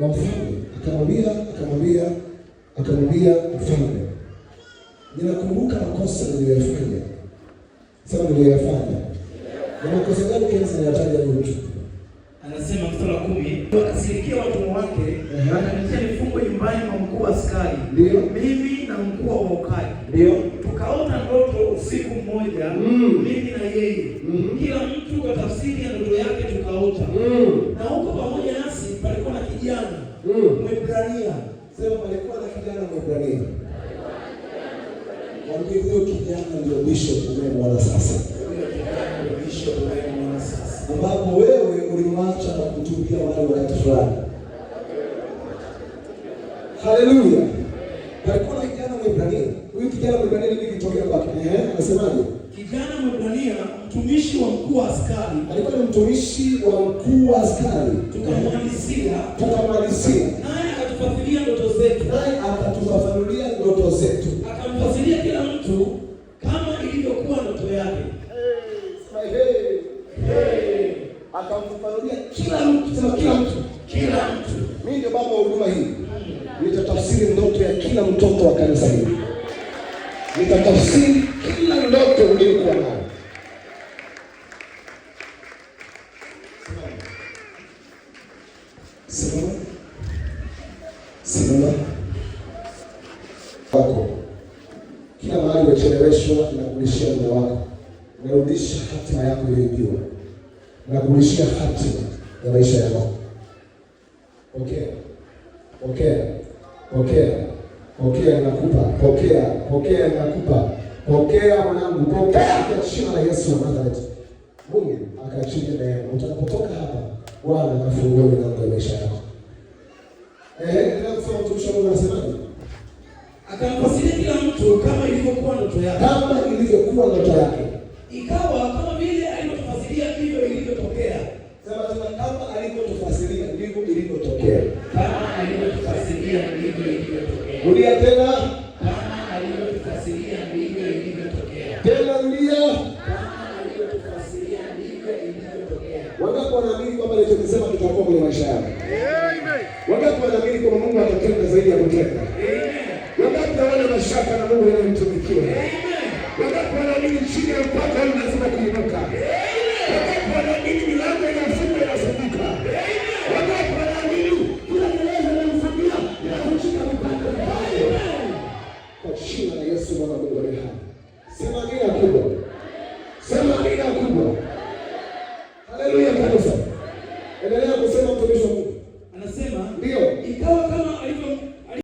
wa mfalme, akamwambia akamwambia akamwambia mfalme, ninakumbuka makosa niliyoyafanya, sema niliyoyafanya na makosa gani? Kenzi nayataja mtu anasema mstari wa kumi, akasirikia watumwa wake, akanitia mifungo nyumbani kwa mkuu wa askari, ndio mimi na mkuu wa waokaji, ndio tukaota ndoto usiku mmoja, mm. mimi na yeye, mm. kila mtu kwa tafsiri ya ndoto yake tukaota, mm. na huko Mwebrania. Sema palikuwa na kijana Mwebrania. Mwambie huyo kijana ndio mwisho umemwona sasa. Ambapo wewe ulimwacha na kutumbia wale wa watu fulani. Haleluya. Palikuwa na kijana Mwebrania. Huyu kijana Mwebrania ni kitokea kwa eh, nasemaje? Kijana Mwebrania mtumishi wa mkuu wa askari. Alikuwa ni mtumishi wa mkuu wa askari. tukamwalisia, tukamalizia akatufasilia ndoto zetu, naye akatufafanulia ndoto zetu, akamfasilia kila mtu kama ilivyokuwa ndoto yake. Akamfafanulia kila mtu, sema kila mtu, kila mtu. Mimi ndio baba wa huduma hii, nitatafsiri ndoto ya kila mtoto wa kanisa hili, nitatafsiri kila ndoto uliyokuwa nayo. Simama. Simama wako kila mahali umecheleweshwa, nakurudishia muda wako, narudisha hatima yako iliyoibiwa, nakurudishia hatima ya maisha yako. Pokea, pokea, pokea, pokea, nakupa. Pokea, pokea, nakupa. Pokea mwanangu, pokea kwa jina la Yesu wa Nazareti. Mungu akachuja neema, utakapotoka hapa Bwana akafungua milango ya maisha yako kama mtumishi wa Mungu anasemaje? Akamwasilia kila mtu kama ilivyokuwa ndoto yake, kama ilivyokuwa ndoto yake, ikawa kama vile alivyotafasiria ndivyo ilivyotokea. Sema tena, kama alivyotafasiria ndivyo ilivyotokea, kama alivyotafasiria ndivyo ilivyotokea. Rudia tena, Wangapi wanaamini kwamba alichokisema kitakuwa kwenye maisha yao? Wangapi wanaamini kwamba Mungu ulimwengu. Wangapi wana mashaka na Mungu anayemtumikia? Wangapi wanaamini chini ya mpaka huu lazima kuinuka? Wangapi wanaamini milango inafungwa inafunguka? Wangapi wanaamini kila gereza inamfungia inavunjika mpaka mpaka? Kwa jina la Yesu mwana wa Mungu aliye hai, sema amina kubwa, sema amina kubwa. Haleluya kanisa, endelea kusema mtumishi wa Mungu.